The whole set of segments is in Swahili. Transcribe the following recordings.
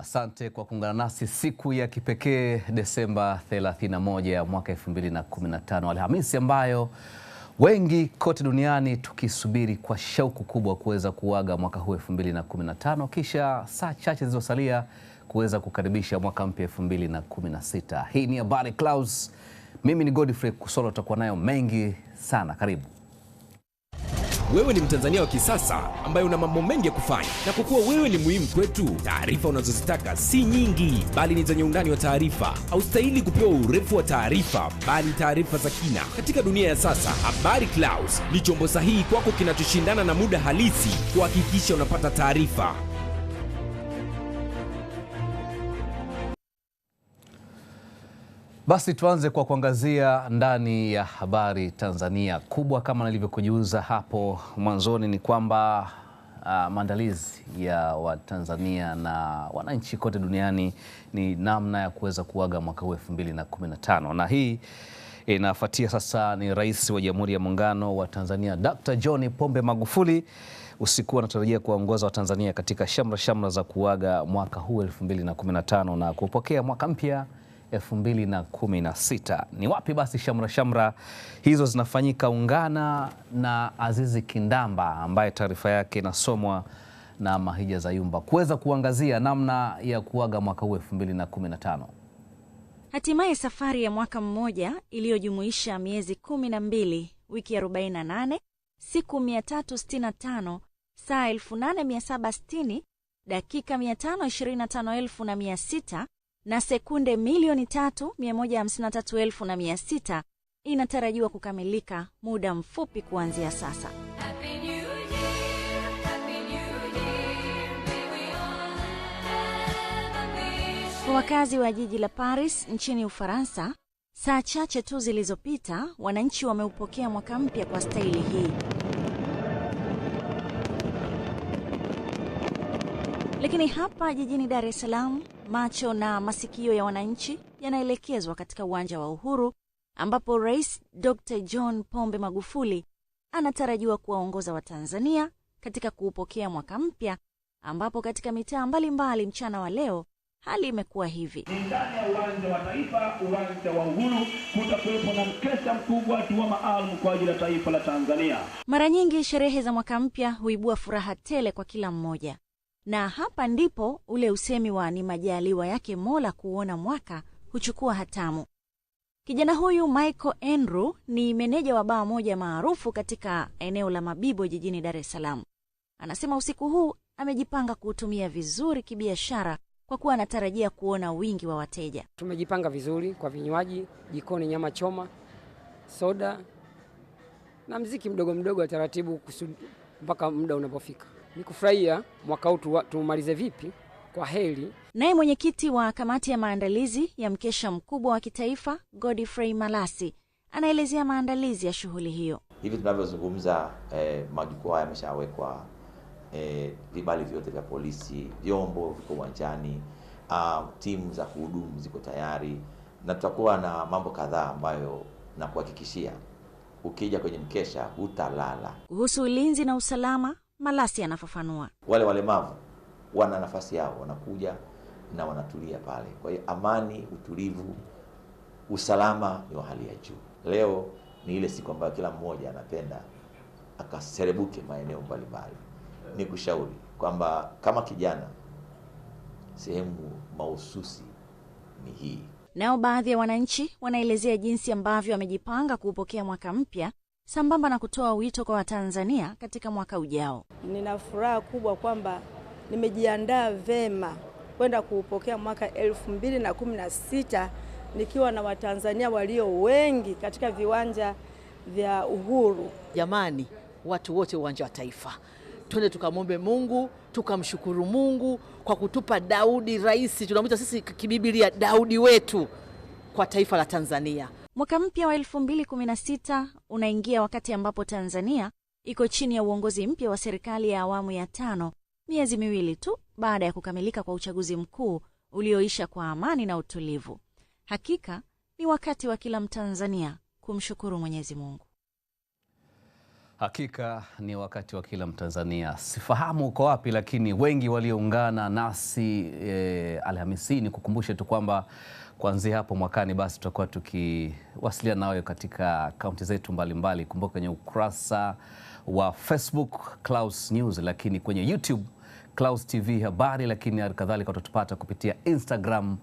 Asante kwa kuungana nasi siku ya kipekee Desemba 31 ya mwaka 2015 Alhamisi, ambayo wengi kote duniani tukisubiri kwa shauku kubwa kuweza kuaga mwaka huu 2015, kisha saa chache zilizosalia kuweza kukaribisha mwaka mpya 2016. Hii ni Habari Clouds, mimi ni Godfrey Kusolo, tutakuwa nayo mengi sana. Karibu. Wewe ni Mtanzania wa kisasa ambaye una mambo mengi ya kufanya, na kwa kuwa wewe ni muhimu kwetu, taarifa unazozitaka si nyingi, bali ni zenye undani wa taarifa. Haustahili kupewa urefu wa taarifa, bali taarifa za kina. Katika dunia ya sasa, Habari Clouds ni chombo sahihi kwako kinachoshindana na muda halisi kuhakikisha unapata taarifa Basi tuanze kwa kuangazia ndani ya habari Tanzania. Kubwa kama nilivyokujuza hapo mwanzoni ni kwamba uh, maandalizi ya Watanzania na wananchi kote duniani ni namna ya kuweza kuaga mwaka huu 2015 na hii inafuatia sasa ni Rais wa Jamhuri ya Muungano wa Tanzania Dr. John Pombe Magufuli usiku anatarajia kuwaongoza Watanzania katika shamra shamra za kuaga mwaka huu 2015 na kupokea mwaka mpya 2016. Ni wapi basi shamra shamra hizo zinafanyika? Ungana na Azizi Kindamba ambaye taarifa yake inasomwa na Mahija za yumba kuweza kuangazia namna ya kuaga mwaka huu 2015. Hatimaye safari ya mwaka mmoja iliyojumuisha miezi 12 wiki 48, siku 365, saa 8760, dakika 5256 na sekunde milioni tatu mia moja hamsini na tatu elfu na mia sita inatarajiwa kukamilika muda mfupi kuanzia sasa. Kwa wakazi wa jiji la Paris nchini Ufaransa, saa chache tu zilizopita, wananchi wameupokea mwaka mpya kwa staili hii. Lakini hapa jijini Dar es Salaam, macho na masikio ya wananchi yanaelekezwa katika uwanja wa Uhuru ambapo Rais Dr. John Pombe Magufuli anatarajiwa kuwaongoza Watanzania katika kuupokea mwaka mpya, ambapo katika mitaa mbalimbali mchana wa leo hali imekuwa hivi. Ndani ya uwanja wa Taifa, uwanja wa Uhuru, kutakuwepo na mkesha mkubwa, wa maalum kwa ajili ya taifa la Tanzania. Mara nyingi sherehe za mwaka mpya huibua furaha tele kwa kila mmoja, na hapa ndipo ule usemi wa ni majaliwa yake Mola kuona mwaka huchukua hatamu. Kijana huyu Michael Andrew ni meneja wa baa moja maarufu katika eneo la Mabibo jijini Dar es Salaam. Anasema usiku huu amejipanga kuutumia vizuri kibiashara kwa kuwa anatarajia kuona wingi wa wateja. Tumejipanga vizuri kwa vinywaji jikoni, nyama choma, soda na mziki mdogo mdogo wa taratibu mpaka muda unapofika ni kufurahia mwaka huu tumalize vipi kwa heli Naye mwenyekiti wa kamati ya maandalizi ya mkesha mkubwa wa kitaifa Godfrey Malasi anaelezea maandalizi ya shughuli hiyo. Hivi tunavyozungumza eh, majukwaa yameshawekwa eh, vibali vyote vya polisi, vyombo viko uwanjani, uh, timu za kuhudumu ziko tayari, na tutakuwa na mambo kadhaa ambayo nakuhakikishia ukija kwenye mkesha hutalala. Kuhusu ulinzi na usalama, Malasi anafafanua. Wale walemavu wana nafasi yao, wanakuja na wanatulia pale. Kwa hiyo amani, utulivu, usalama ni wa hali ya juu. Leo ni ile siku ambayo kila mmoja anapenda akaserebuke maeneo mbalimbali. Ni kushauri kwamba kama kijana, sehemu mahususi ni hii. Nao baadhi ya wananchi wanaelezea jinsi ambavyo wamejipanga kuupokea mwaka mpya sambamba na kutoa wito kwa Watanzania katika mwaka ujao. Nina furaha kubwa kwamba nimejiandaa vema kwenda kuupokea mwaka elfu mbili na kumi na sita nikiwa na Watanzania walio wengi katika viwanja vya Uhuru. Jamani, watu wote uwanja wa Taifa, twende tukamwombe Mungu, tukamshukuru Mungu kwa kutupa Daudi rais, tunamwita sisi kibibilia Daudi wetu kwa taifa la Tanzania. Mwaka mpya wa 2016 unaingia wakati ambapo Tanzania iko chini ya uongozi mpya wa serikali ya awamu ya tano, miezi miwili tu baada ya kukamilika kwa uchaguzi mkuu ulioisha kwa amani na utulivu. Hakika ni wakati wa kila Mtanzania kumshukuru Mwenyezi Mungu. Hakika ni wakati wa kila Mtanzania. Sifahamu uko wapi, lakini wengi walioungana nasi e, Alhamisi ni kukumbushe tu kwamba kuanzia hapo mwakani basi tutakuwa tukiwasiliana nawe katika akaunti zetu mbalimbali. Kumbuka kwenye ukurasa wa Facebook Clouds News, lakini kwenye YouTube Clouds TV habari, lakini halikadhalika utatupata kupitia Instagram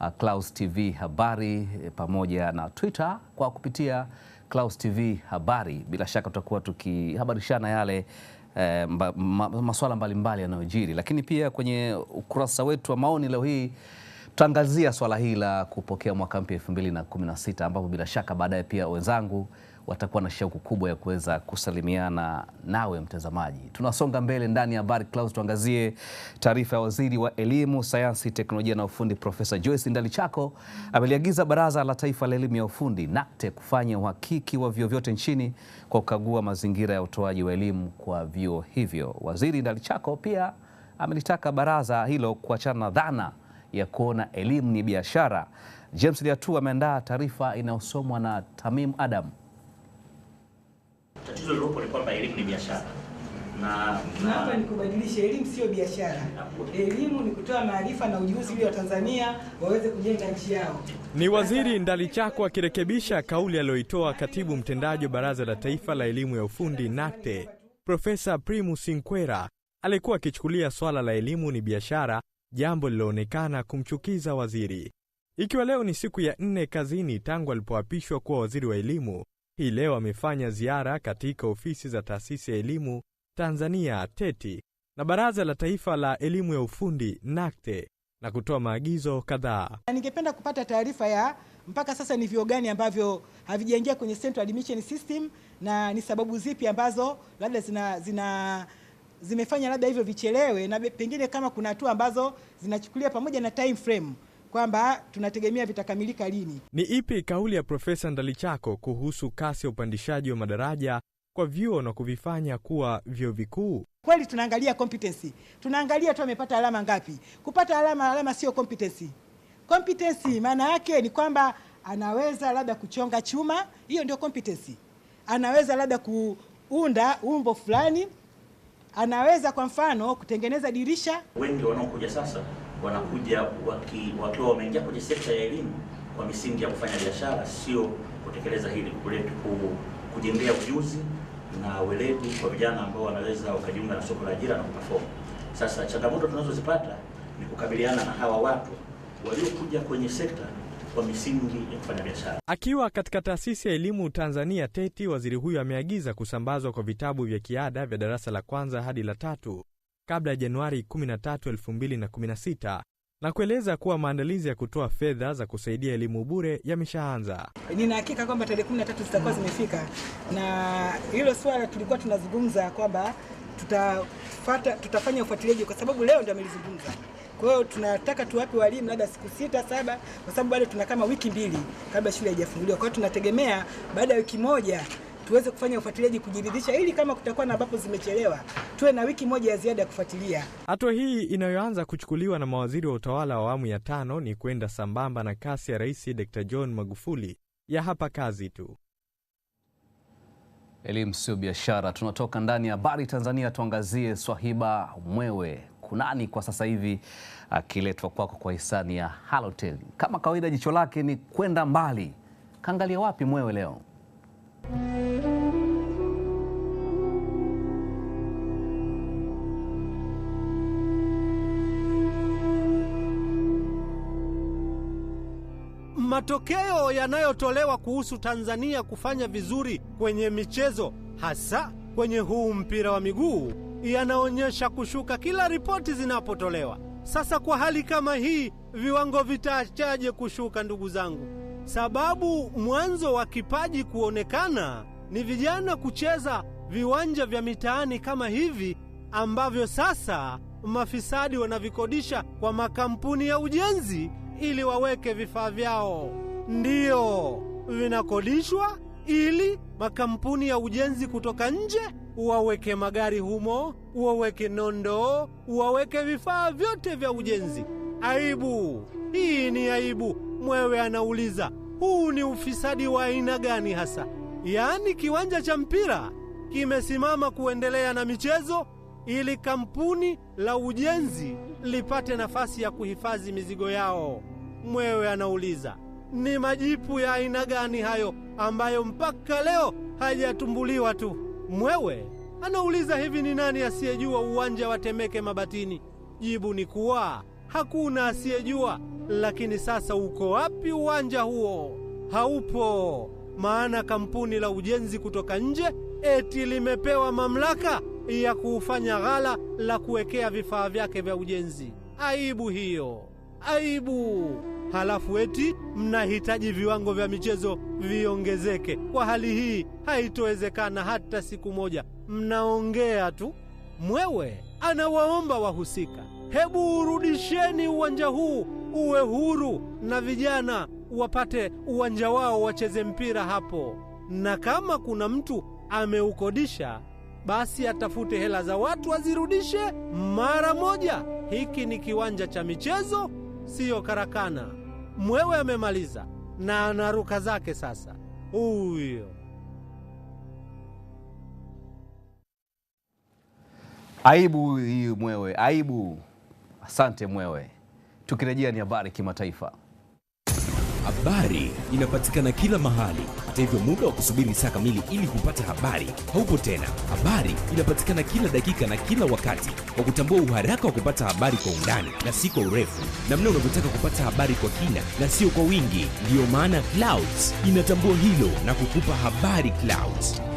uh, Clouds TV habari eh, pamoja na Twitter kwa kupitia Clouds TV habari. Bila shaka tutakuwa tukihabarishana yale eh, mba, ma, masuala mbalimbali yanayojiri, lakini pia kwenye ukurasa wetu wa maoni leo hii Tutaangazia swala hili la kupokea mwaka mpya 2016 ambapo bila shaka baadaye pia wenzangu watakuwa na shauku kubwa ya kuweza kusalimiana nawe mtazamaji. Tunasonga mbele ndani ya Habari Clouds, tuangazie taarifa ya waziri wa elimu, sayansi, teknolojia na ufundi Profesa Joyce Ndalichako ameliagiza Baraza la Taifa la Elimu ya Ufundi NACTE kufanya uhakiki wa vyuo vyote nchini kwa kukagua mazingira ya utoaji wa elimu kwa vyuo hivyo. Waziri Ndalichako pia amelitaka baraza hilo kuachana na dhana ya kuona elimu ni biashara. James Liatu ameandaa taarifa inayosomwa na Tamim Adam. Tatizo lilopo ni kwamba elimu ni biashara na hapa ni kubadilisha elimu, sio biashara. Elimu ni kutoa maarifa na ujuzi ili Watanzania waweze kujenga nchi yao. Ni Waziri Ndalichako akirekebisha kauli aliyoitoa katibu mtendaji wa Baraza la Taifa la Elimu ya Ufundi NACTE, Profesa Primus Nkwera alikuwa akichukulia swala la elimu ni biashara jambo liloonekana kumchukiza waziri. Ikiwa leo ni siku ya nne kazini tangu alipoapishwa kuwa waziri wa elimu, hii leo amefanya ziara katika ofisi za taasisi ya elimu Tanzania TETI na Baraza la Taifa la Elimu ya Ufundi NACTE na kutoa maagizo kadhaa. Ningependa kupata taarifa ya mpaka sasa ni vyuo gani ambavyo havijaingia kwenye Central Admission System na ni sababu zipi ambazo labda zina, zina zimefanya labda hivyo vichelewe, na pengine kama kuna hatua ambazo zinachukulia pamoja na time frame kwamba tunategemea vitakamilika lini. Ni ipi kauli ya Profesa Ndalichako kuhusu kasi ya upandishaji wa madaraja kwa vyuo na kuvifanya kuwa vyuo vikuu? Kweli tunaangalia competency, tunaangalia tu amepata alama ngapi. Kupata alama alama sio competency. Competency maana yake ni kwamba anaweza labda kuchonga chuma, hiyo ndio competency. Anaweza labda kuunda umbo fulani anaweza kwa mfano kutengeneza dirisha. Wengi wanaokuja sasa wanakuja wakiwa wameingia kwenye sekta ya elimu kwa misingi ya kufanya biashara, sio kutekeleza hili kuleta kujengea ujuzi na weledi kwa vijana ambao wanaweza wakajiunga na soko la ajira na kuperform. Sasa changamoto tunazozipata ni kukabiliana na hawa watu waliokuja kwenye sekta wa misingi ya kufanya biashara. Akiwa katika taasisi ya elimu Tanzania TETI, waziri huyo ameagiza kusambazwa kwa vitabu vya kiada vya darasa la kwanza hadi la tatu kabla ya Januari 13, 2016 na kueleza kuwa maandalizi ya kutoa fedha za kusaidia elimu bure yameshaanza. Nina hakika kwamba tarehe 13 zitakuwa zimefika, na hilo swala tulikuwa tunazungumza kwamba tutafata, tutafanya ufuatiliaji kwa sababu leo ndio amelizungumza. Kwa hiyo tunataka tuwape walimu labda siku sita saba, kwa sababu bado tuna kama wiki mbili kabla shule haijafunguliwa. Kwa hiyo tunategemea baada ya wiki moja tuweze kufanya ufuatiliaji kujiridhisha, ili kama kutakuwa na ambapo zimechelewa tuwe na wiki moja ya ziada ya kufuatilia. Hatua hii inayoanza kuchukuliwa na mawaziri wa utawala wa awamu ya tano ni kwenda sambamba na kasi ya Rais Dkt. John Magufuli ya hapa kazi tu. Elimu sio biashara. Tunatoka ndani ya habari Tanzania, tuangazie Swahiba Mwewe kunani kwa sasa hivi akiletwa ah, kwako kwa hisani ya Halotel. Kama kawaida, jicho lake ni kwenda mbali. Kaangalia wapi mwewe leo? Matokeo yanayotolewa kuhusu Tanzania kufanya vizuri kwenye michezo hasa kwenye huu mpira wa miguu yanaonyesha kushuka kila ripoti zinapotolewa. Sasa kwa hali kama hii, viwango vitaachaje kushuka, ndugu zangu? Sababu mwanzo wa kipaji kuonekana ni vijana kucheza viwanja vya mitaani kama hivi ambavyo sasa mafisadi wanavikodisha kwa makampuni ya ujenzi ili waweke vifaa vyao. Ndiyo, vinakodishwa ili makampuni ya ujenzi kutoka nje uwaweke magari humo, uwaweke nondo, uwaweke vifaa vyote vya ujenzi. Aibu! Hii ni aibu. Mwewe anauliza huu ni ufisadi wa aina gani hasa? Yaani kiwanja cha mpira kimesimama kuendelea na michezo ili kampuni la ujenzi lipate nafasi ya kuhifadhi mizigo yao. Mwewe anauliza ni majipu ya aina gani hayo ambayo mpaka leo hajatumbuliwa tu? Mwewe anauliza hivi, ni nani asiyejua uwanja wa Temeke Mabatini? Jibu ni kuwa hakuna asiyejua. Lakini sasa uko wapi uwanja huo? Haupo, maana kampuni la ujenzi kutoka nje eti limepewa mamlaka ya kuufanya ghala la kuwekea vifaa vyake vya ujenzi. Aibu hiyo, aibu! halafu eti mnahitaji viwango vya michezo viongezeke. Kwa hali hii haitowezekana hata siku moja. Mnaongea tu. Mwewe anawaomba wahusika, hebu urudisheni uwanja huu uwe huru na vijana wapate uwanja wao wacheze mpira hapo, na kama kuna mtu ameukodisha basi atafute hela za watu azirudishe mara moja. Hiki ni kiwanja cha michezo, siyo karakana mwewe amemaliza na anaruka zake sasa huyo. Aibu hii mwewe, aibu. Asante mwewe. Tukirejea ni habari kimataifa. Habari inapatikana kila mahali. Hata hivyo, muda wa kusubiri saa kamili ili kupata habari haupo tena. Habari inapatikana kila dakika na kila wakati, kwa kutambua uharaka wa kupata habari kwa undani na si kwa urefu, namna unavyotaka kupata habari kwa kina na sio kwa wingi. Ndiyo maana Clouds inatambua hilo na kukupa Habari Clouds.